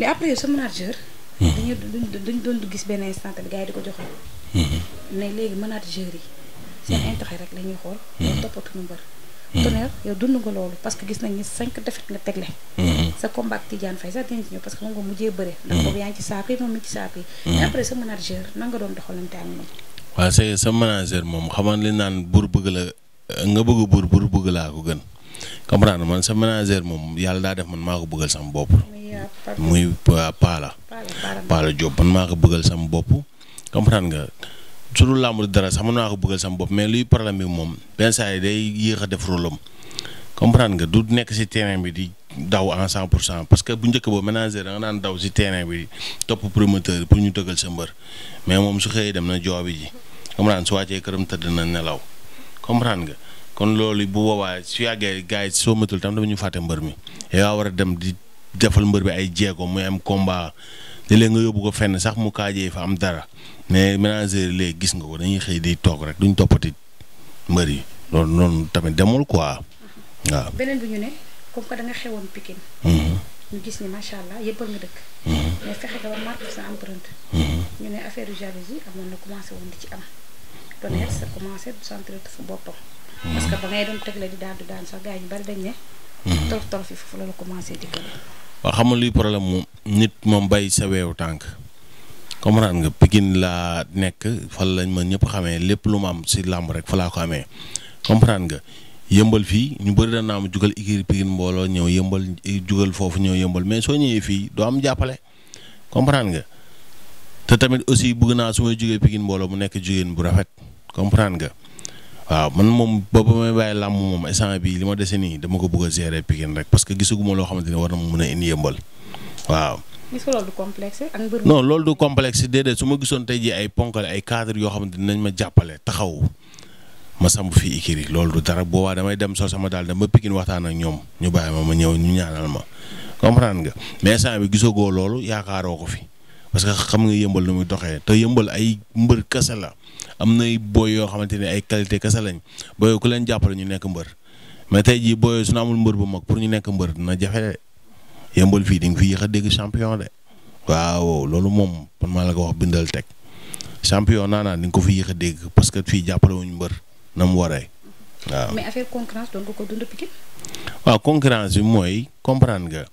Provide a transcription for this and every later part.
li après sa manager. Hmm. doon gis benn instant bi di ko joxe. Hmm. ne léegi manager yi. seen hmm. rek la xool. loolu toppatuñu mbër. Tonnerre yow parce que gis nañ ni cinq défaites nga tegle. sa combat ak Tidiane Faye sax dinañ parce que moom nga mujjee bëre. ndax boobu yaa ngi ci saako yi manager doon doxalante ak moom. waaw c'est moom xamal li naan buur bëgg la nga bëgg buur buur bëgg laa ko gën comprendre man sa manager moom yàlla daa def man maa ko bëggal sama bopp. muy Paala. Paala Diop man maa ko bëggal sama bopp. comprendre nga su dul làmb dara sax man maa ko bëggal sama bopp mais luy problème bi moom benn saa yi day yéex a def rôlam comprendre nga du nekk si terrain bi di daw en cent pour cent parce que bu njëkk ba manager da nga naan daw si terrain bi topp promoteur pour ñu tëggal sa mbër mais moom su xëyee dem na joobi ji comprendre su wàccee këram tëdd na nelaw comprendre nga kon loolu bu boobaa su yàggee gars yi soo matul tam dama ñu fàtte mi defal mbër bi ay jéego muy am combat te léegi nga yóbbu ko fenn sax mu kaajee fa am dara mais manager léegi gis nga ko dañuy xëy di toog rek duñ toppati mbër yi loolu noonu tamit demul quoi. waaw beneen bi ñu ne comme que da nga xewoon mhm. gis macha allah yëppal nga dëkk. Mhm. Mhm. affaire jalousie amoon na di ci am. doon sa commencé du centre fu boppam. parce que ba ngay doon teg la di daan sax gars bari dañ ne. torof torof yi foofu la la commencé di gën waa xam nga luy problème moom nit moom bay sa weewu tànk comprendre nga Pikine laa nekk fan lañ ma ñëpp xamee lépp lu ma am si làmb rek fa laa ko amee comprendre nga yëmbal fii ñu bëri da naa ma jugal ikiri Pikine mbooloo ñëw yëmbal eh, jugal foofu ñëw yëmbal mais soo ñëwee fii doo am jàppale comprendre nga te tamit aussi bugg naa su may jugee Pikine mbooloo mu nekk jigéen bu rafet comprendre nga. waaw man moom ba ba may bàyyi làmb moom instant bi li ma dese nii dama ko bëgg a gérer Pikine rek parce que gisaguma loo xam ne war na ma mën a waaw. gis loolu du complexe ak su ma gisoon tey jii ay ponkale ay cadre yoo xamante ne dinañ ma jàppale taxaw ma samp fii ikiri loolu du dara boobaa damay dem sol sama daal dem ba Pikine waxtaan ak ñoom ñu bàyyi ma ma ñëw ñu ñaanal ma comprendre nga mais instant bi gisagoo loolu yaakaaroo ko fi parce que xam nga yëmbal nu muy doxee te yëmbal ay mbër kese la am nay booy yoo xamante ne ay qualité kese lañ booy ku leen jàppale ñu nekk mbër mais tey jii booy su ñu amul mbër bu mag pour ñu nekk mbër dina jafe yëmbal fii di nga fi yéex a dégg champion de waaw loolu moom man maa la ko wax bindal teg champion naa naa di nga ko fi yéex a dégg parce que fii jàppale mbër na mu waree waaw. mais affaire bi mooy comprendre nga.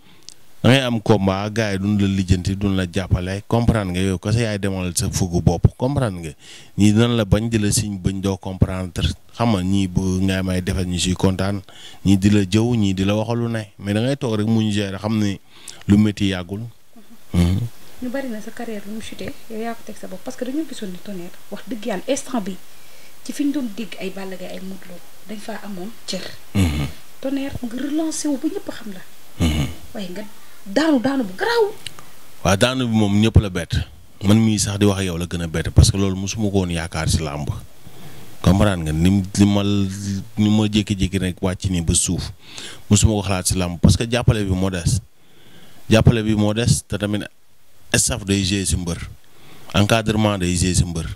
da am combat gars yi duñ la lijjanti duñ la jàppale comprendre nga yow kese yaay demal sa fugu bopp comprendre nga ñii dinañ la bañ di la siñ bañ doo comprendre xam nga ñii bu ngay may defar ñu si kontaan ñii di la jëw ñii di la waxalu ne mais dangay toog rek mu ñu gérer xam mhm. Mhm. na lu mu chuté yaa ko teg sa bopp parce que dañoo gisoon ni Tonnerre wax dëgg yàlla instant bi ci fi ñu doon dégg ay Balla Gaye ay Modou Lo dañ faa amoon cër. Mhm. Tonnerre nga relancé wu ba xam la. daanu daanu bu garaaw. waaw daanu bi moom ñëpp la bett man mii sax di wax yow la gën a bett parce que loolu mosuma ko woon yaakaar si làmb comprendre nga ni li ma ni ma jékki-jékki rek wàcc nii ba suuf mosuma ko xalaat si làmb parce que jàppale bi moo des jàppale bi moo des te tamit staff day gérer si mbër encadrement day gérer si mbër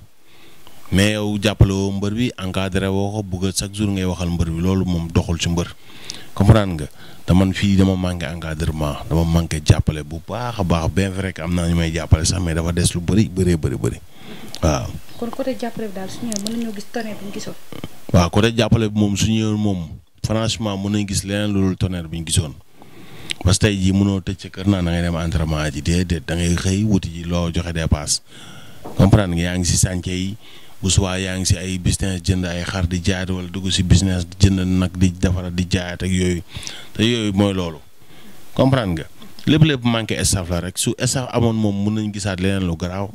mais yow jàppale woo mbër bi encadré woo ko bëgg chaque jour ngay waxal mbër bi loolu moom doxul si mbër comprendre nga te man fii dama manqué encadrement dama manqué jàppale bu baax a baax bien vrai que am na ñu may jàppale sax mais dafa des lu bari bëree bëri bëri waaw. kon côté jàppale bi waaw côté jàppale bi moom su ñëwee moom franchement mën nañ gis leneen loolu tonnerre bi ñu gisoon parce que tey jii mënoo tëj sa kër naa da ngay dem entraînement ji déedéet da ngay xëy wuti ji loo joxe dépasse comprendre nga yaa ngi si sànce yi bu subaa yaa ngi si ay business jënd ay xar di jaay wala dugg si business jënd nag di defara di jaayaat ak yooyu te yooyu mooy loolu comprendre nga lépp lépp manqué staff la rek su staff amoon moom mun nañ gisaat leneen lu garaaw.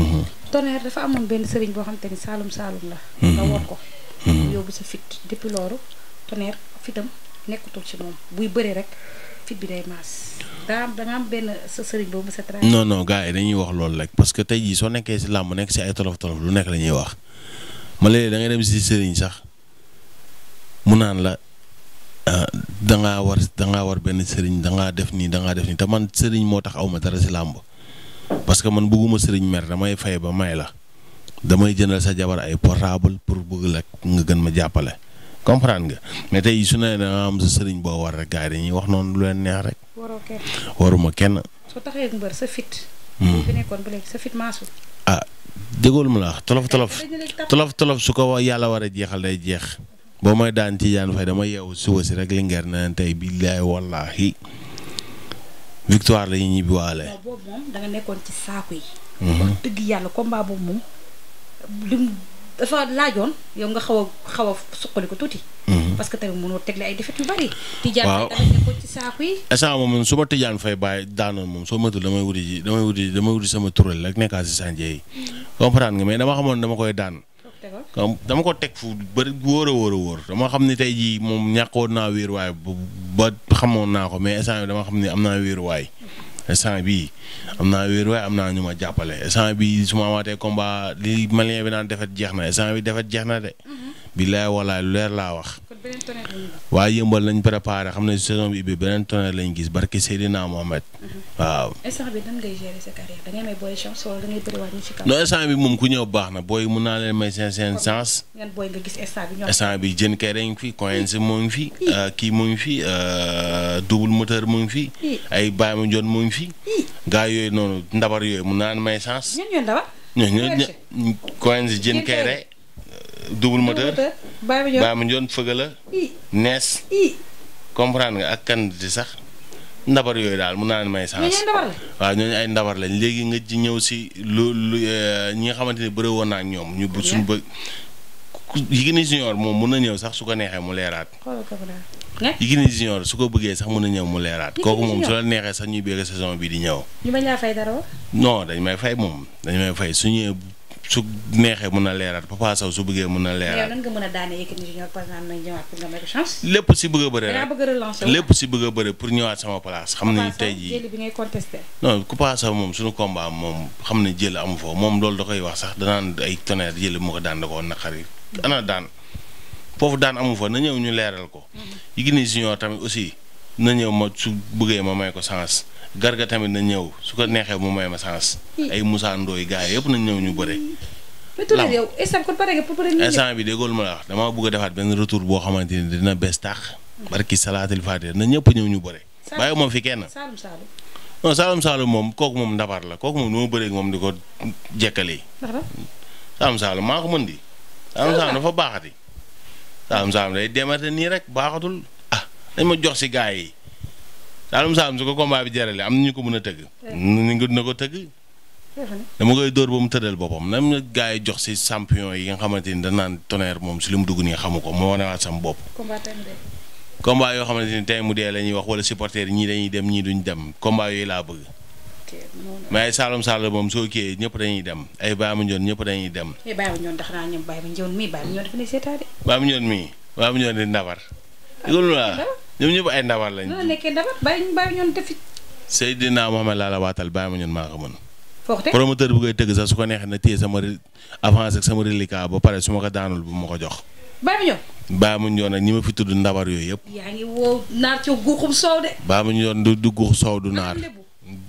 Mhm. Tonnerre dafa amoon benn sëriñ boo xam te ni Saalum Saalum la. Mhm. nga war ko. Mhm. yóbbu sa fit depuis loolu Tonnerre fitam nekkatul ci moom buy bëri rek. fit bi sa sëriñ boobu yi dañuy wax loolu rek parce que tey jii soo nekkee si làmb nekk si ay tolof tolof lu nekk la ñuy wax ma léeg da nga dem si sëriñ sax mu naan la ah, da war da war benn sëriñ da ngaa def nii da def nii te man sëriñ moo tax aw ma dara si làmb parce que man bugguma sëriñ mer damay fay ba may la damay jëndal sa jabar ay portable pour bëgg la nga gën ma jàppale. comprendre nga mais tey su ne da am sa sëriñ boo war rek gars yi dañuy wax noonu lu leen neex rek. waroo kenn waruma kenn. soo taxee ak mbër sa fit. Hmm. ah déggoo ma la wax tolof tolof tolof tolof su ko yàlla war a jeexal day jeex. boo may daan ci jaan fay dama yeewu si si rek li ngeen tey billaay wallaahi victoire la ñuy ñibbiwaale. yi. Hmm. wax dëgg dafa laajoon yow nga xaw a xaw a suqali ko tuuti. Mhm. parce que tamit mënoo tegle ay defet yu bari. waaw tijaan fay tamit su ma tijaan fay bàyyi daanoon moom soo matul damay wuti damay wuti damay wuti sama turel rek nekkaat si sànje yi. Mhm. comprendre nga mais dama xamoon dama koy daan. dama ko teg fu bëri wóor a wóor a wóor dama xam ni tey jii moom ñàkkoon naa wéer wéeruwaay ba xamoon naa ko mais instant dama xam ni am naa wéeruwaay. instant bii am naa wéer waaye am naa ñu ma jàppale instant bii su ma amaatee combat li malien bi naan defet jeex na instant bi defet jeex na de. Mhm. bilaay walaay lu leer laa wax. waaye yëmbal nañ préparé xam ne saison bi bi beneen tonnerre lañ gis barke Seydina Mohamed. Mhm. waaw. instant bi nan ngay bi moom ku ñëw baax na booy mun naa leen may seen seen chance. yan bi ñoom. instant bi jën kay dañ fi coince moo ngi fi. kii moo ngi fi euh, euh, double moteur moo ngi fi. ay Baye Ma Ndione moo ngi fi. gaa yooyu noonu ndabar yooyu mun naa leen may chance. ñun jën kay double moteur Baye Mandione la nees comprendre nga ak kan sax ndabar yooyu daal mun naa may chance waaw ñooñu ay ndabar lañ léegi nga ci ñëw si lu lu eh, ñi nga xamante ni bëri woon naa ak ñoom ñu suñu bëgg Yékini Junior moom mun na ñëw sax su ko neexee mu leeraat eh? Yékini Junior su ko bëggee sax mun na ñëw mu leeraat kooku moom su la neexee sax ñuy bëgg saison bii di ñëw ñu dañ may fay moom dañ may fay su ñëwee su neexee mën na leeraat Papa su bëggee mën na leeraat. lépp si bëgg a bëre lépp si bëgg a bëre pour ñëwaat sama place. xam nañu tey jii jëli bi moom suñu combat moom xam ne jël amu fa moom loolu da koy wax sax danaan ay tonnerre jëli mu ko daan da koo naqari. ana daan foofu daan amu fa na ñëw ñu leeral ko. Mm-hmm. Yékini Junior tamit aussi na ñëw ma su bëggee ma may ko chance garga tamit na ñëw su ko neexee mu may ma chance. ay Moussa Ndoye gars yëpp nañ ñëw ñu bëre. lan yow instant kon pare nga bi déggoolu ma la damaa bëgg a defaat benn retour boo xamante ni dina bees tax. barki salaatil faatiha na ñëpp ñëw ñu bëre. bàyyi ma fi kenn. Saalum Saalum. Saalum moom kooku moom ndabar la kook moom nu ma bëree moom di ko jekkalee. Saalum Saalum maa ko mën di. Saalum Saalum dafa baaxati. Saalum Saalum day demate nii rek baaxatul ah dañ ma jox si gars yi Saalum Saalum su ko combat bi jarale am na ñu ko mën a tëgg. ñu ngi na ko tëgg. dama koy dóor ba mu tëddal boppam nam na gars yi jox si champion yi nga xamante ni naan tonnerre moom si li mu dugg nii xamu ko moo wanewaat sama bopp. combat yoo xamante ni tey mu dee la ñuy wax wala supporter ñii dañuy dem ñii duñ dem combat yooyu laa bëgg. mais ay Saalum Saalum moom soo kiiyee ñëpp dañuy dem ay Baye Mandione ñëpp dañuy dem. Eh, mais Baye Mandione mii Baye Mandione dafa loolu laa ñoom ñëpp ay ndawaat lañ. loolu nekkee ndawaat bàyyi bàyyi ñoon laa la waatal bàyyi ma ñun maa ko mën. foofu promoteur bu koy tëgg sax su ko neexee na téye sama avance ak sama reliquat ba pare su ma ko daanul bu ma ko jox. bàyyi ma ñoon. bàyyi ak ñi ma fi tudd ndawaar yooyu yëpp. yaa naar ca guuxum soow de. bàyyi ma ñoon du du guux soow du naar.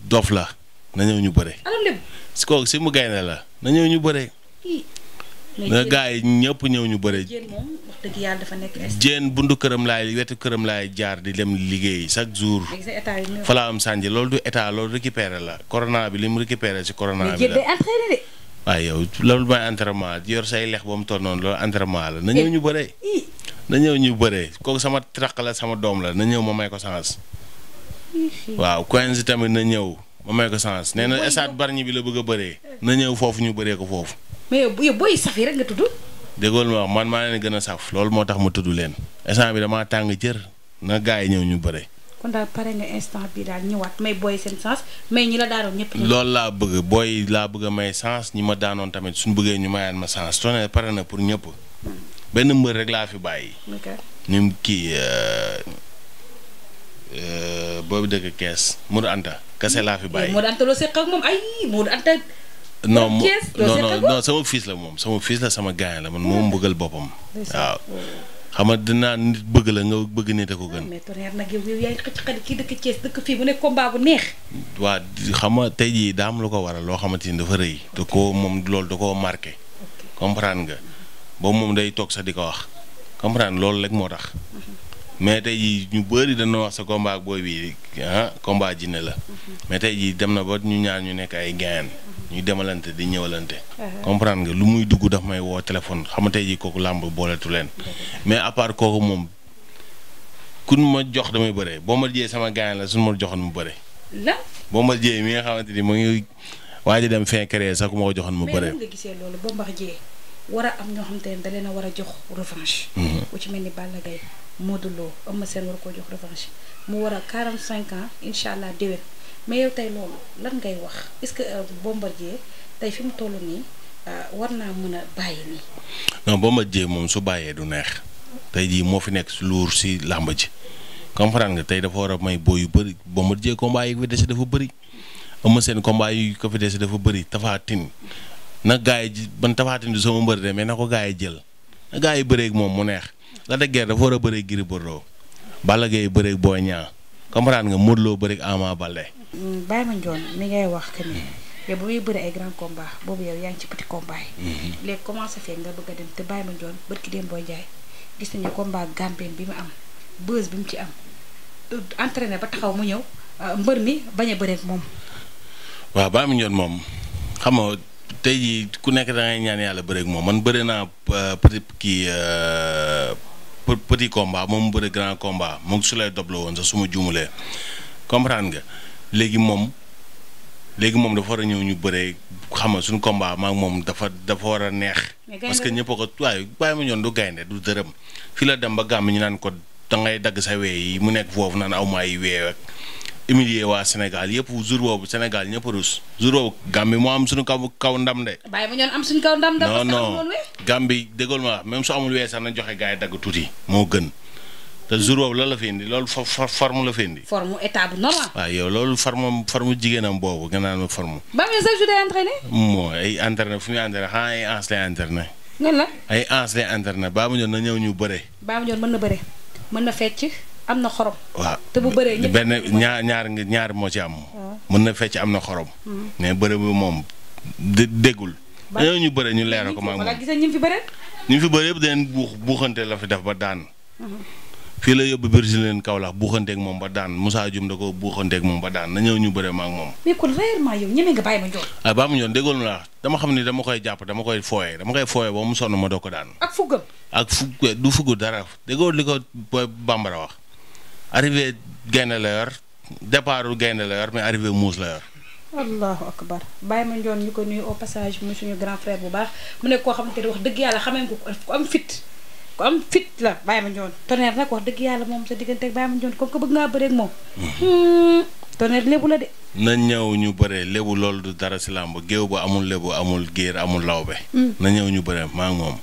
dof la na ñëw ñu bëre. alam lébu. kooku si mu gaynde la na ñëw ñu bëre. nga gars yi ñëpp ñëw ñu bëre. jéen buntu këram laay wetu këram laay jaar di dem liggéey chaque jour. falaa am sànje loolu du état loolu récupéré la corona bi li mu récupéré si corona bi la. waaye yow loolu mooy entrement yor say lex ba mu toll noonu loolu entraînement la na ñëw ñu bëree. na ñëw ñu bëree sama traq la sama doom la na ñëw ma may ko chance. waaw Quench tamit na ñëw ma may ko chance nee na bari Bargny bi la bëgg a bëree na ñëw foofu ñu bëree ko foofu. mais yow yow booy saf yi rek nga tudd. déggoon ma wax man maa leen gën a saf loolu moo tax ma tudd leen instant bi damaa tàng jër na gaa yi ñëw ñu bëre. kon daal pare nga instant bi daal ñëwaat may booy seen sens mais ñi la daanoon ñëpp. loolu laa bëgg booy laa bëgg a may sens ñi ma daanoon tamit suñu bëggee ñu mayaat ma sens tonné pare na pour ñëpp. benn mbër rek laa fi bàyyi. ñu kii euh, euh, boobu dëkk kees Modou Anta kese laa fi bàyyi. Modou Anta loo seq ak moom non non no non sama fils la moom sama fils la sama gaañ la man moom hmm. bëggal boppam. waaw xam nga nit bëgg la nga bëgg nit a ko gën. Ah, waa xam nga tey jii daam lu ko waral loo xamante ni dafa rëy. da koo moom loolu da koo marqué. comprendre nga ba moom day toog sax di ko wax comprendre loolu rek moo tax. Mhm. mais tey jii ñu bëri dañoo wax sa combat ak booy bi ah combat jinne la mais tey jii dem na ba ñu ñaan ñu nekk ay gain ñu demalante di ñëwalante. Uh-huh. comprendre nga lu muy dugg dafa may woo téléphone xam tey kooku làmb booletu leen. Uh-huh. mais à part kooku moom kun ma jox damay bëre boo ma jiyee sama gain la suñu ma joxoon mu bëre. boo ma jiyee mi nga xamante ni mu ngi waaj a dem fin sax ku ma ko joxoon mu bëre. war a am ñoo xam te ne da leen war a jox revanche. Mhm. ku ci mel ni Balla Gaye Modou Lo seen Sène war koo jox revanche mu war a cinq ans incha allah déwén mais yow tey loolu lan ngay wax est-ce que euh, Bombardier tey fi mu toll nii euh, war naa mën a bàyyi nii. non Bombardier moom su bàyyee du neex tey jii moo fi nekk si luur si làmb ji comprendre nga tey dafa war a may boo yu bëri Bombardier combat yi fi dese dafa bëri Eumeu seen combat yi ko fi dese dafa bëri Tapha na gaa ji ban tafaatin di sama mbër de mais na ko gaa yi jël na gaa yi bëreeg moom mu neex la de guerre dafa war a bëreeg Gris Bordeaux Balla Gaye bëreeg Boy Niang comprendre nga Modou Lo bëreeg Ama Baldé. Mm, Baye Mandione mi ngay wax que ni yow bu muy bëri ay grand combat boobu yow mm-hmm. a dem te Baye Mandione barki dem Boy Ndiaye bi mu am buzz ba taxaw mu ñëw euh, mbër mi bañ a bëreeg moom. waaw Baye Mandione moom tey ku nekk da ñaan yàlla bëreeg moom man bëri naa euh, petit kii euh, petit combat moom mu bëri grand combat moom su lay doble woon sax suma ma comprend ga léegi moom léegi moom dafa war a ñëw ñu bëree xam nga suñu combat maak moom dafa dafa war a neex. parce que ñëpp ko waaye bàyyi ma ñoon du gaynde du dërëm fii la dem ba gàmm ñu naan ko da ngay dagg sa wee yi mu nekk foofu naan aw ma ay humilier waa Sénégal yëpp jour boobu Sénégal ñëpp rus jour boobu Gambie moo am suñu kaw kaw ndam de. bàyyi ma ñoon am suñu kaw ndam de. non même su amul weesaan nañ joxe gars yi dagg tuuti moo gën. te jour boobu loolu la fi indi loolu la fi indi. forme état bu normal. jigéenam boobu nga naan ma forme. ba muy sax su dee entraîné. moo ay entraîné fu muy entraîné xanaa ay ans lay entraîné. nan la ay na ñëw ñu bëre. baa ma ñoon mën na bëre mën na fecc am na xorom. waaw benn ñaar ñaar ñaar moo ci am. mën na fecc am na xorom. Hmm. mais bëre moom déggul. ñu bëre ñu leer ko maam ñu fi bëre. ñu fi bëre buux buuxante la fi def ba daan. Hmm. fii la yóbbu Brésilien Kaolack buuxanteeg moom ba daan Moussa Dioum moom ba daan na ñëw ñu bëre ma moom. mais kon réellement yow ñeme ma njool. ah baa ma njool déggoon la dama xam ni dama koy jàpp dama koy fooye dama koy fooye ba mu sonn ma doo ko daan. ak fuggam. ak fugg du fugg dara déggoo li ko bambara wax. arrivé gaynde la yor départ gaynde la yor mais arrivé muus la yor. allahu akbar bàyyi ma njoon ñu ko nuyu au passage mu suñu grand frère bu baax mu nekk koo xamante ne wax dëgg yàlla xamee ko ku am fit ku am fit la bàyyi ma njoon tonnerre nag wax dëgg yàlla moom sa diggante ak bàyyi ma njoon comme que bëgg ngaa bëreeg moom. Hmm. tonnerre lébu la de. na ñëw ñu bëree lébu loolu du dara si làmb géew ba amul lébu amul géer amul lawbe. Hmm. na ñëw ñu bëree maa moom.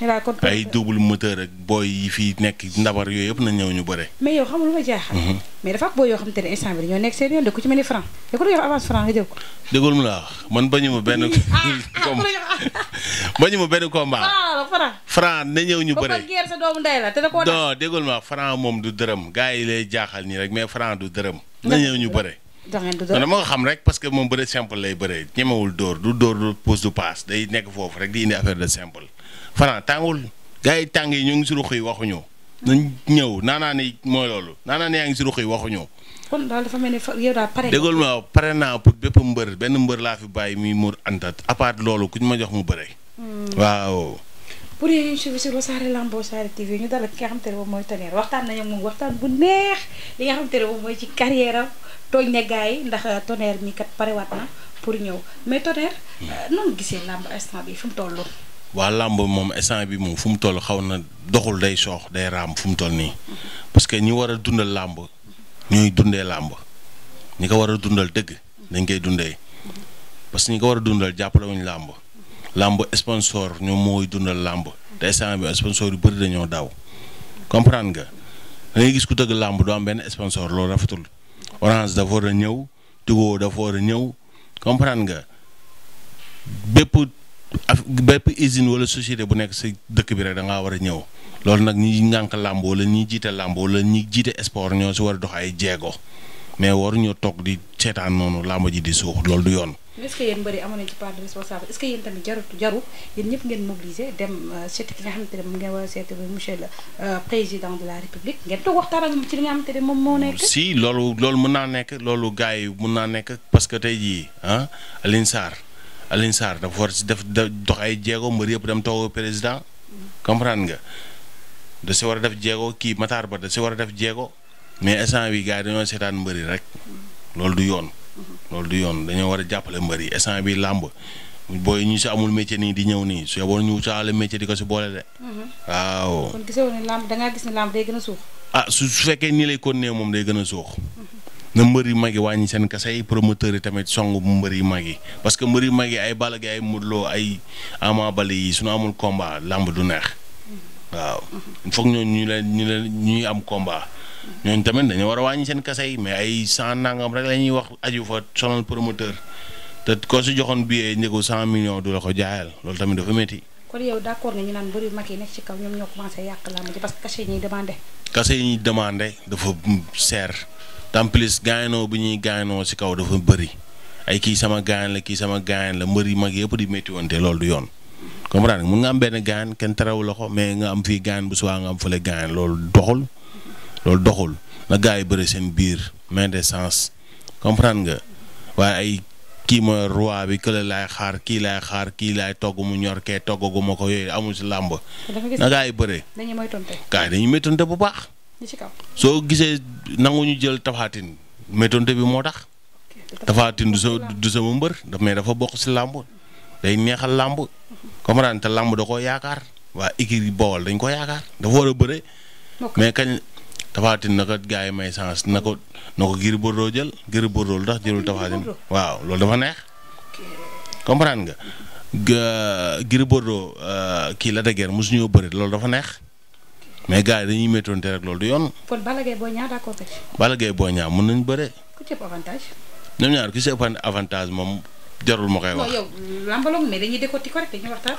ay double moteur ak yi fi nekk ndabar yooyu yëpp na ñëw ñu bëre. mais yow xamul lu ma jaaxal. Mhm. mais dafa te da ko doon wax man bañu ma benn. na ñëw ñu bëre. sa doomu ndey moom du dërëm gars yi lay jaaxal nii rek mais franc du dërëm. na ñëw ñu bëre. dama ko xam rek parce que moom bëre simple lay bëre ñemewul dóor du dóor du pousse du passe day nekk foofu rek di indi affaire de simple Franc tàngul gars yi tàng yi ñoo ngi si ruq yi waxuñu. nañ ñëw naanaa ni mooy loolu naanaa ni yaa ngi si ruq yi waxuñu. kon daal dafa mel ni yow daal pare. déggoon naa pour bépp benn mbër laa fi bàyyi muy Mour Anta à part loolu ku ma jox mu bëre. Hmm. waaw. pour yéen ñu suivi sur Wassare Lamb Wassare te ne moom mooy Tonnerre waxtaan nañu moom waxtaan xam te ne moom mooy ci carrière am tooñ ne yi ndax euh, Tonnerre mi kat parewaat na pour ñëw mais Tonnerre. Hmm. Euh, noonu gisee làmb instant bi fi mu toll. waa làmb moom instant bi moom fu mu toll xaw na doxul day soox day raam fu mu toll nii parce que ñi war a dundal làmb ñooy dundee làmb ñi ko war dundal dëgg dañ koy dundee parce que ñi ko war a dundal jàppale wuñ làmb làmb sponsor ñoom mooy dundal làmb te instant bi sponsor yu bëri dañoo daw comprendre nga da ngay gis ku dëgg làmb doo am benn sponsor loolu rafetul orange dafa war ñëw Tigo dafa war a ñëw comprendre nga bépp. af bépp usine wala société bu nekk si dëkk bi rek da ngaa war a ñëw loolu nag ñi ngànk làmb wala ñi jiite làmb wala ñi jiite sport ñoo si war a dox ay jéego mais waruñoo toog di seetaan noonu làmb ji di suux loolu du yoon. mais est-ce que mu euh, euh, euh, nekk. loolu loolu mën naa nekk loolu gars yi mën naa nekk parce que tey jii ah Alioune Alioune Sarr dafa war si def dox ay jéego mbër yëpp dem toog président comprendre nga da si war a def jéego kii Matar ba da si war a def jéego mais instant bi gars yi dañoo seetaan mbër rek loolu du yoon. loolu du yoon dañoo war a jàppale mbër yi instant bi làmb booy ñu si amul métier nii di ñëw nii su yeboon ñu wutaale métier di ko si boole de. Mhm. waaw kon gisoo ne làmb da gis ne làmb day gën a suux. ah su fekkee nii lay continuer moom day gën a suux. Mhm. na mbër yu mag yi wàññi seen kase yi promoteur yi tamit song mbër yu mag yi parce que mbër yu mag yi ay bala Gaye ay mutloo ay Ama Baldé yi su ñu amul combat làmb du neex waaw il ñu ñu am combat ñooñu tamit dañu war a wàññi seen kase yi mais ay cent nangam rek la ñuy wax aju fa sonal promoteur te ko si joxoon billet njëgu cent million du la ko jaayal loolu tamit dafa métti. kon yow d'accord nga ñu naan mbër yu mag yi nekk ci kaw ñoom ñoo commencé yàq làmb ji parce que cachet yi ñuy demand cachet yi ñuy en plus gaañoo bi ñuy gaañoo si kaw dafa bëri ay kii sama gaañ la kii sama gaañ la mbër yi mag yëpp di métti loolu du yoon. comprendre mun nga am benn gaañ kenn terewu la ko mais nga am fii gaañ bu subaa nga am fële gaañ loolu doxul loolu doxul na yi bëri seen biir main de sens comprendre nga waaye ay kii mooy bi kële laay xaar kii laay xaar kii laay togg mu ñor kee toggaguma ko yooyu amul si làmb. na gaa yi bëree. dañuy moytonte bu baax. soo gisee nangu ñu jël tafaatin métonte bi moo tax. tafaatin du sa du sama mbër mais dafa bokk si làmb day neexal làmb. comprendre te làmb da koo yaakaar waa écurie Bawol dañ ko yaakaar dafa war a bëre. mais kañ tafaatin na ko gars yi may chance na ko na ko Gris Bordeaux jël Gris Bordeaux lu tax jëlul tafaatin waaw loolu dafa neex. comprendre nga Gris Bordeaux euh, kii la de guerre mosu ñoo bëri loolu dafa neex. mais gars yi dañuy méttoonte rek loolu du yoon. kon Balla Gaye Boy Niang mën nañu bëre. ku ñoom ñaar ku ci ëpp avantage moom jarul ma koy wax.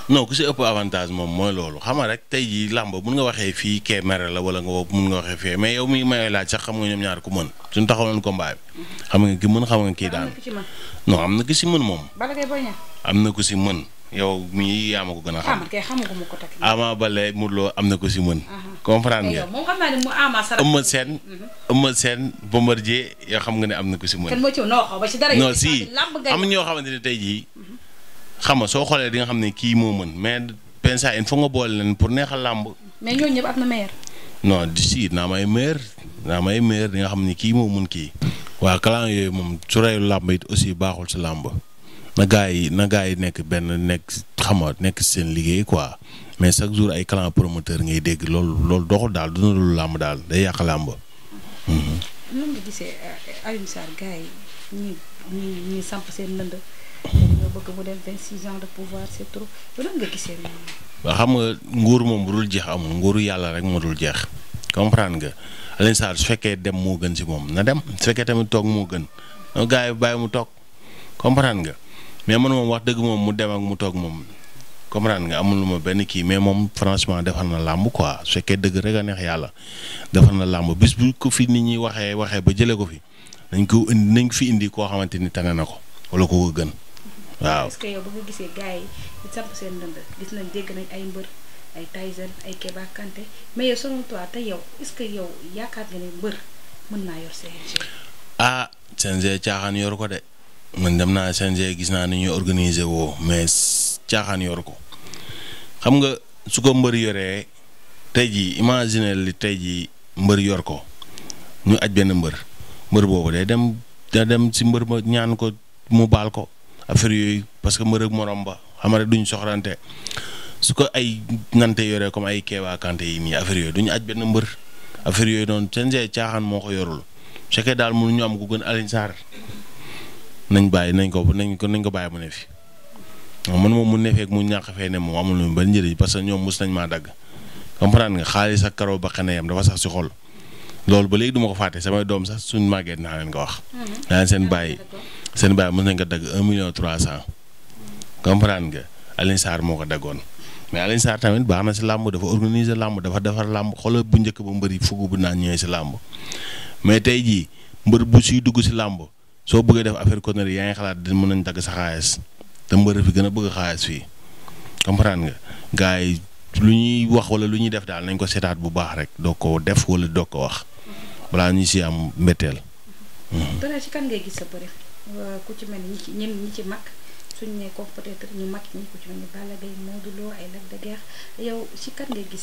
non ku ci ëpp avantage moom mooy loolu xam nga rek tey jii làmb mun nga waxee fii Kébémer la wala nga mun nga waxee fii mais yow mi may laaj sax xam nga ñoom ñaari ku mën suñu taxawaloon combat bi. Mhm. xam nga ki mën xam nga kii daan. am am na ki si mën moom. am na ku si mën yow mii yaa ko gën a xam. Ah, Ama Baldé am na ko si mën. Ah, ah. comprendre nga moom xam naa ne mu Ama Sara. Mm-hmm. xam nga ne am na ko si mën. non si am ñoo xamante ne tey jii. Mm-hmm. xam nga soo xoolee di nga xam ne kii moo mën mais pensa il faut nga boole leen pour neexal làmb. mais na meilleur. non di si naa may meilleur naa may meilleur di nga xam ne kii moo mën kii. waa kalaan yooyu moom su reyu làmb it aussi baaxul si làmb. na gaa yi na gaa yi nekk benn nekk xam nga nekk seen liggéey quoi mais chaque jour ay clan promoteur ngay dégg loolu loolu doxul daal duna lu làmb daal day yàqa làmb. Mhm. noonu euh, xam nga nguur moom bu dul jeex amul nguuru yàlla rek moo dul jeex comprendre nga Alioune Sarr su fekkee dem moo gën ci moom na dem su fekkee tamit toog moo gën gaa yi bàyyi mu toog comprendre nga. mais man moom wax dëgg moom mu dem ak mu toog moom comprendre nga amul lu ma benn kii mais moom franchement defar na làmb quoi su dëgg rek neex yàlla defar na làmb bis bu ko fi nit ñi waxee waxee ba jëlee ko fi nañ ko indi nañ fi indi koo xamante ni tane na ko wala ko gën waaw. est seen ndënd ah, caaxaan yor ko de. man dem naa CNG gis naa ni ñuy organiser woo mais caaxaan yor ko xam nga su ko mbër yoree tey jii imaginer li tey jii mbër yor ko ñu aj benn mbër mbër boobu day dem da dem si mbër ba ñaan ko mu baal ko affaire yooyu parce que mbër morom ba xam nga duñ soxlante su ko ay nante yoree comme ay Keeba Kanté yi nii affaire yooyu duñu aj benn mbër affaire yooyu noonu CNG caaxaan moo ko yorul su fekkee daal mënuñu am ku gën Alioune Sarr nañ bàyyi nañ ko nañ ko nañ ko bàyyi mu ne fi man moom mu ne feek mu ñàkk fee ne moom amul lu ban njëriñ parce que ñoom mos nañ maa dagg comprendre nga xaalis ak karaw ba xene yam dafa sax si xol loolu ba léegi duma ko fàtte samay doom sax suñ màggee naa leen ko wax. Mhm. naa leen seen bàyyi seen bàyyi mos nañ ko dagg un million trois cent comprendre nga Alioune Sarr moo ko daggoon. mais Alioune Sarr tamit baax na si làmb dafa organiser làmb dafa defar làmb xoolal bu njëkk ba mbëri fukk bu naan ñëwee si làmb mais tey jii mbër bu siy dugg si làmb soo bëggee def affaire connerie yaa ngi xalaat di mën nañ dagg sa xaalis te mbër fi gën a bëgg xaalis fii comprendre nga gars lu ñuy wax wala lu ñuy def daal nañ ko seetaat bu baax rek doo ko def wala doo ko wax balaa ñu si am mbetteel. yow ci kan ngay gis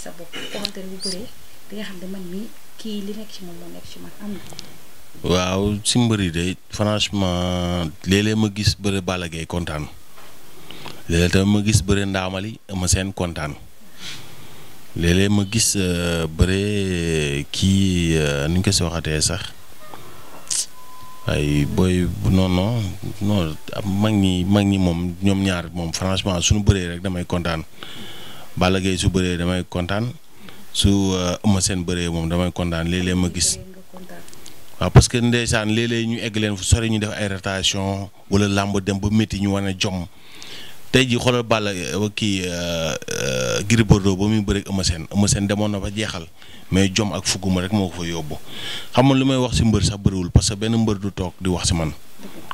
sa bopp koo xam te ne bu bëree di xam ne man mii kii li nekk ci moom moo nekk ci man am na. waaw si mbër yi de franchement léeg-léeg ma gis bëre Balla kontaan léeg-léeg ma gis bëre Ndaamali ma seen kontaan léeg ma gis bëre kii euh, nu ko si waxatee sax ay booy non non mag ñi mag ñi moom ñoom ñaar moom franchement suñu bëree rek damay kontaan Balla Gaye su bëree damay kontaan su euh, ma seen bëree moom damay kontaan léeg-léeg ma gis. waaw parce que ndeysaan léeg ñu egg leen fu sori ñu def ay rotation wala làmb dem ba métti ñu wane jom tey jii xoolal Balla euh, kii euh, euh, Gris Bordeaux ba muy bëri Eumeu seen Eumeu seen demoon na ba jeexal mais jom ak fugguma rek moo ko fa yóbbu xam nga lu may wax si mbër sax bëriwul parce que benn mbër du toog di wax si man.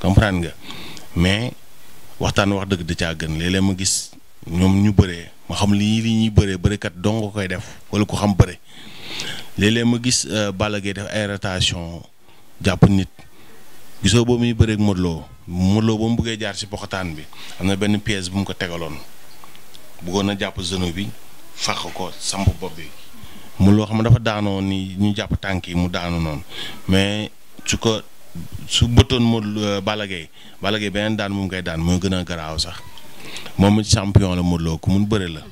comprendre nga mais waxtaan wax dëgg da caa gën léeg ma gis ñoom ñu bëree ma xam lii li ñuy bëree bërikat dong nga koy def wala ko xam bëri léeg ma gis Balla Gaye def ay rotation jàpp nit gisoo boobu muy bëreeg Modou Lo Modou ba mu bëggee jaar si poxataan bi xam na benn pièce bu mu ko tegaloon buggoon na jàpp zone bi fàq ko samp bopp bi Modou Lo xam dafa daanoo ni ñu jàpp tànk yi mu daanu noonu mais su ko su bëtoon Modou euh, Balla Gaye Balla beneen daan moom koy daan moo gën a garaaw sax moom it champion la Modou Lo ku mun bëre la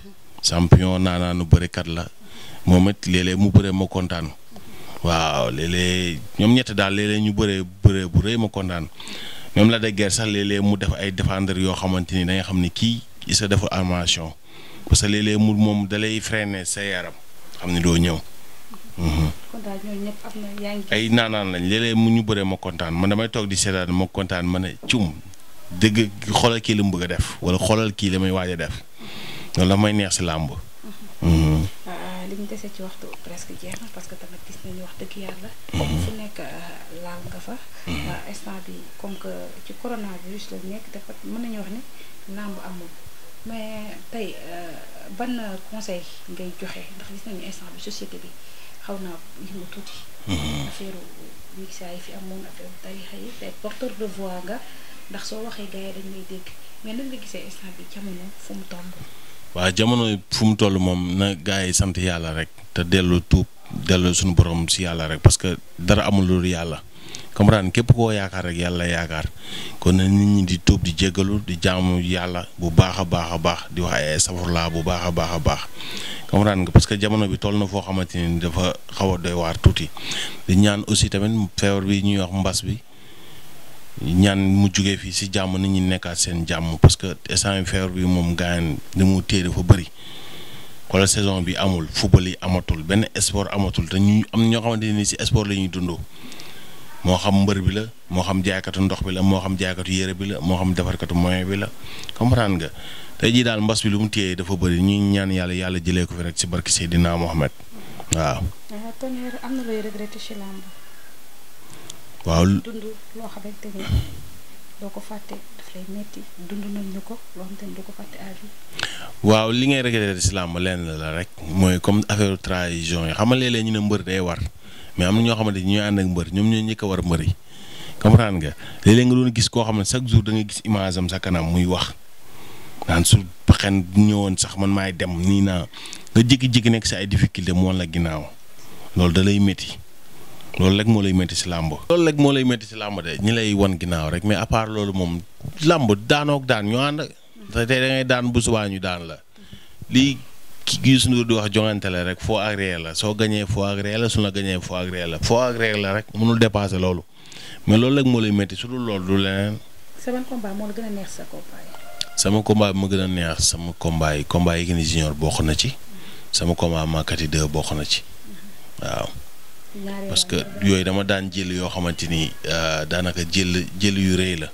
champion naanaanu bërekat la moom it léeg mu bëree moo kontaan. waaw léeg ñoom ñett daal léeg-léeg ñu bëree bëree bu rëy ma kontaan ñoom la de guerre sax léeg mu def ay défendre yoo xamante ni da xam ne kii sa defu armation parce que léeg-léeg mu moom dalay freiner sa yaram xam ne doo ñëw. Mhm. kon daal ay naanaan lañ léeg mu ñu bëree ma kontaan man damay toog di seetaan ma kontaan ma ne cum dëgg xoolal kii la mu bëgg a def wala xoolal kii la may waaj a def loolu la may neex si làmb. lu ñu dese ci waxtu presque jeex na parce que tamit gis nañu wax dëgg yàlla. comme fu nekk euh, laal nga fa. Mhm. instant bi comme que ci coronavirus la nekk dafa mën nañu wax ni làmb amul mais tey euh, ban conseil ngay joxe ndax gis nañu instant bi société bi xaw naa yëngu tuuti. Mhm. affaire mixage yi fi amoon affaire tarixa yi tey porteur de voix nga ndax soo waxee gars yi dañ lay dégg mais nan nga gisee instant bi jamono fu mu toll. waaw jamono fu mu toll moom na gars yi sant yàlla rek te dellu tuub dellu suñu borom si yàlla rek parce que dara amul loolu yàlla comprendre képp koo yaakaar rek yàlla yaakaar kon na nit ñi di tuub di jéggalu di jaamu yàlla bu baax a baax a baax di wax ay safurlaa bu baax a baax a baax comprendre nga parce que jamono bi toll na foo xamante ni dafa xaw a doy waar tuuti di ñaan aussi tamit feebar bi ñuy wax mbas bi. ñaan mu jugee fii si jàmm nit ñu nekkaat seen jàmm parce que instant feebar bi moom gaañ li mu téye dafa bëri wala saison bi amul football yi amatul benn sport amatul te ñu am ñoo xamante ni si sport la ñuy dundoo moo xam mbër bi la moo xam jaaykatu ndox bi la moo xam jaaykatu yére bi la moo xam defarkatu moyen bi la comprendre ga te jii daal mbas bi lu mu téye dafa bëri ñuy ñaan yàlla yàlla jëlee ko fi rek si barki Seydina Mohamed waaw. Ah, am na looy waaw li ngay regretté si làmb lenn la rek mooy comme affaire trahison yi xam nga léeg ñu ne mbër day war mais am na ñoo xamante ni ñooy ànd ak mbër ñoom ñoo ñëkk war mbër yi comprendre ga léeg-léeg nga doon gis koo xam ne chaque jour da gis image sa kanam muy wax naan su baxen ñëwoon sax man maay dem nii naa nga jékki-jékki nekk si ay difficulté moom la ginnaaw loolu da lay métti. loolu rek moo lay métti si làmb loolu rek moo lay métti si làmb de ñu lay wan ginnaaw rek mais à loolu moom làmb daanook daan ñu ànd te tey daan bu ñu daan la lii Youssou Ndour di wax jongante la rek foo ak la soo gañee foo ak la su la gañee foo ak réer la foo ak la rek mënul dépasser loolu mais loolu rek moo lay métti su dul loolu du leneen. sama combat moo la gën a neex sama combat bi ma gën a yi combat yi Yékini bokk na ci sama combat Makati 2 bokk na ci mhm. waaw. parce que yooyu dama daan jël yoo xamante ni euh, daanaka jël jël yu rëy la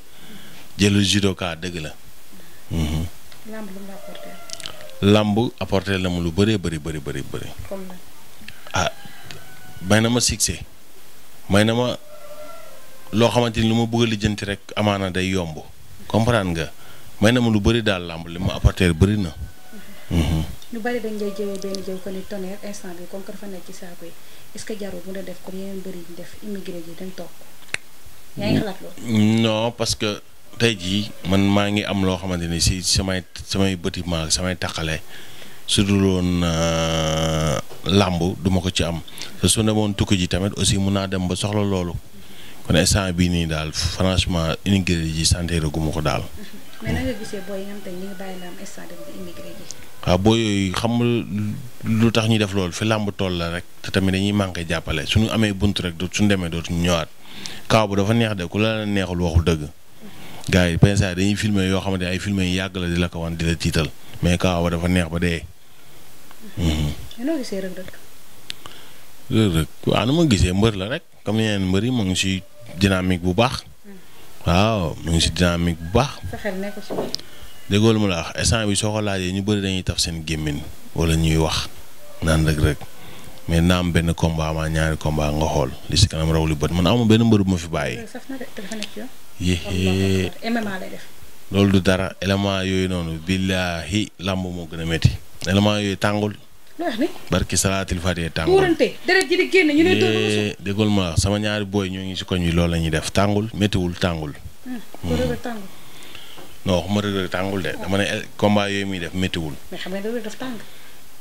jël judoka dëgg la. Mhm. lamb lu mu apporté. lamb apporté la mu lu bëree bari bari bëri bëri. ah may na ma succès may na ma loo xamante ni lu ma bëgg lijjanti rek amaana day yomb comprendre nga may na ma lu bari daal lamb li ma apporté bari na. Mhm. ñu bari dañ lay jëwee benn jëw ko ni bi comme que dafa nekk ci saako yi est-ce que jarul def comme yeneen bëri def immigré yi dañ toog. yaa ngi parce que tey jii man maa ngi am loo xamante ni si samay samay bâtiment samay taqale su dul woon euh, làmb duma ko ci am te su demoon tukki ji tamit aussi mun naa dem ba soxla loolu kon instant bii nii daal franchement immigré ji santé gu ko daal. waaw boo yooyu xamul lu tax ñuy def loolu fi làmb tool la rek te tamit dañuy manqué jàppale su ñu amee bunt rek dootu suñu demee dootu ñëwaat kaaw bu dafa neex de ku la neexul waxul dëgg gars yi pensa dañuy filmer yoo xam xamante ay filmer yu yàgg la di la ko wan di la tiital mais kaaw ba dafa neex ba dee. rëg rëg. rëg nu ma gisee mbër la rek comme yeneen mbër yi mu ngi si dynamique bu baax. Hmm. waaw mu ngi si dynamique bu baax. déggoo ma la wax instant bi soo ko laajee ñu bëri dañuy taf seen gémmiñ wala ñuy wax naan rek rek mais naa am benn combat ma ñaari combat nga xool li si kanam raw li bët man amul benn mbër bu ma fi bàyyi. loolu du dara élément yooyu noonu billaahi làmb moo gën a métti élément yooyu tàngul. barki salaatil fatiha tàngul. déggoo ma la sama ñaari booy ñoo ngi si koñ bi loolu la ñuy def tàngul méttiwul tàngul. Hmm, non waxuma Reug Reug tàngul de dama ne eh, combat yooyu muy def méttiwul. mais xam nga Reug Reug dafa tàng.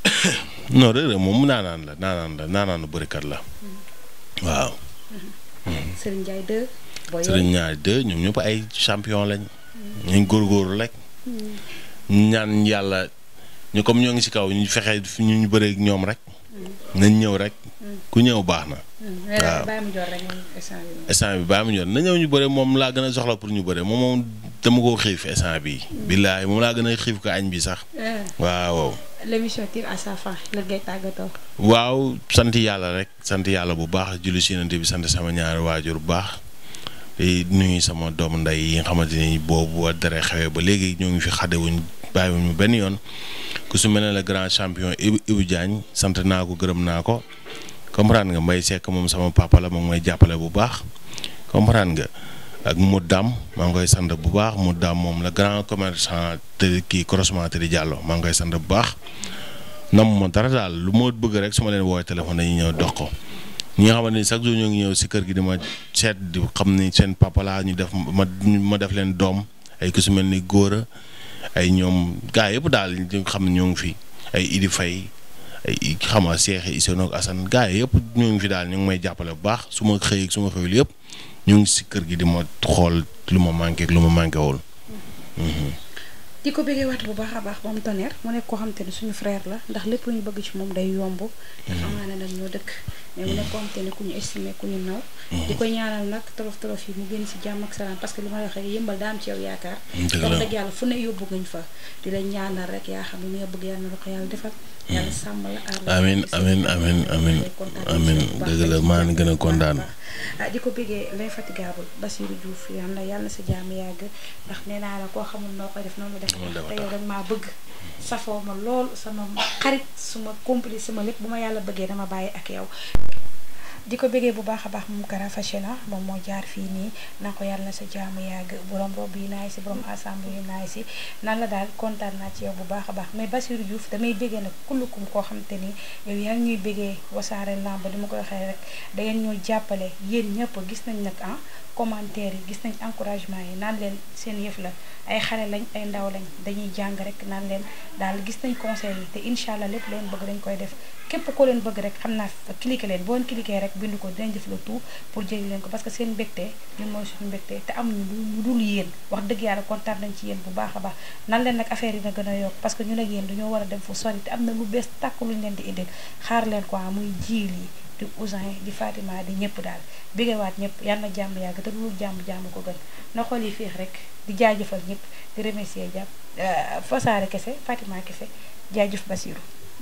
non Reug Reug moom naanaan la naanaan la naanaanu bërikat la. Mm-hmm. waaw. Mm-hmm. Mm-hmm. Serigne Ndiaye 2. ñoom ñëpp ay champion lañ. ñu góorgóorlu rek. ñaan yàlla ñu comme ñoo ngi ci kaw ñu fexe ñu ñu bëree ñoom rek. nañ ñëw rek. ku ñëw baax na. Eh, waaw instant bi baax mu ñor na ñëw ñu bëre moom laa gën a soxla pour ñu bëre moom moom. te mu ko xiif instant bii. billaay moom laa gën a xiif ko añ bi sax. Eh. waaw. l'émission sant yàlla rek sant yàlla bu baax julli si bi sant sama ñaari waajur bu baax. di nuyu sama doomu ndey yi nga xamante ni boobu ba dara xewee ba léegi ñoo ngi fi xadewuñ mu benn yoon ku su mel ne le grand champion Ibou Diagne sant naa ko gërëm naa ko comprendre nga Mbaye Seck moom sama papa moom mooy jàppale bu baax comprendre nga. ak Modou Dame maa ngi koy sand bu baax Modou Dame moom la grand commerçant te kii croisement Teddy Diallo maa ngi koy sant bu baax. nam ma dara daal lu ma bëgg rek su ma leen woowee téléphone dañuy ñëw dox ko ñi nga xamante ni jour ñoo ngi ñëw si kër gi di ma di xam ni seen papalaa ñu def ma ma def leen doom ay ku mel ni góor ay ñoom gaa yëpp daal ñu xam ne ñoo ngi fi ay Idi Faye ay xama seexe Isonoog Assane gaa yëpp ñoo ngi fi daal ñu ngi may jàppale bu baax su ma xëy su ma xëyul yëpp ñu ngi si kër gi di ma xool lu ma manqué lu ma manqué wul. Mhm. di ko bëggee waat bu baax a baax moom Tonnerre mu nekk koo xam ni suñu frère la ndax lépp ñu bëgg ci moom day yomb. dafa mhm. ne nag ñoo dëkk. mais ne mm. ku ñu ku ñu mm. ñaanal nag tolof tolof yi mu génn si jàmm ak salaam que li ma waxee yëmbal yaakaar mm, dëgg yàlla fu ne yóbbu ngañ fa di la ñaanal yaa xam ne bëgg yàlla na la ko yàlla defal yàlla sàmm la aar amin amin amin gën a kontaan ah, di ko bëggee lay l'infatigable Basirou Diouf yal na yàlla na sa jàmm yàgg ndax nee naa la koo xamul noo koy def noonu la def te yow rek maa bëgg safoo ma lool sama xarit suma complice sama lépp bu ma yàlla bëggee dama bàyyi ak yow di ko bëggee bu baax a baax mu Kara Fashion la moom moo jaar fii nii na ko yàlla na sa jaamu yàgg borom rob yi naay si borom ensemble yi naay si nan la daal kontaan naa ci yow bu baax a baax mais Bassirou Diouf damay bëggee nag kullukum koo xam te ni yow yaa ngi ñuy bëggee wasaare lamb di koy waxee rek da ngeen ñoo jàppale yéen ñëpp gis nañ nag ah commentaire yi gis nañ encouragement yi naan leen seen yëf la ay xale lañ ay ndaw lañ dañuy jàng rek naan leen daal gis nañ conseil yi te incha allah lépp leen bëgg dañ koy def képp ko leen bëgg rek xam naa cliqué leen boo leen cliqué rek bindu ko dinañ def le tout pour jëli leen ko parce que seen mbégte ñun mooy suñu mbégte te am ñu dul yéen wax dëgg yàlla kontaan nañ ci yéen bu baax a baax nan leen nag affaire yi na gën a yokk parce que ñun ak yéen ñoo a dem fu sori te am na lu bees tàkk leen di indil xaar leen quoi muy jiil yi di Ousin di Fatima di ñëpp daal béggewaat ñëpp yal na jàmm yàgg te lu jàmm jàmm ko gën na xool yi féex rek di jaajëfal ñëpp di remercier jàpp euh, fosaare kese Fatima kese jëf Basiru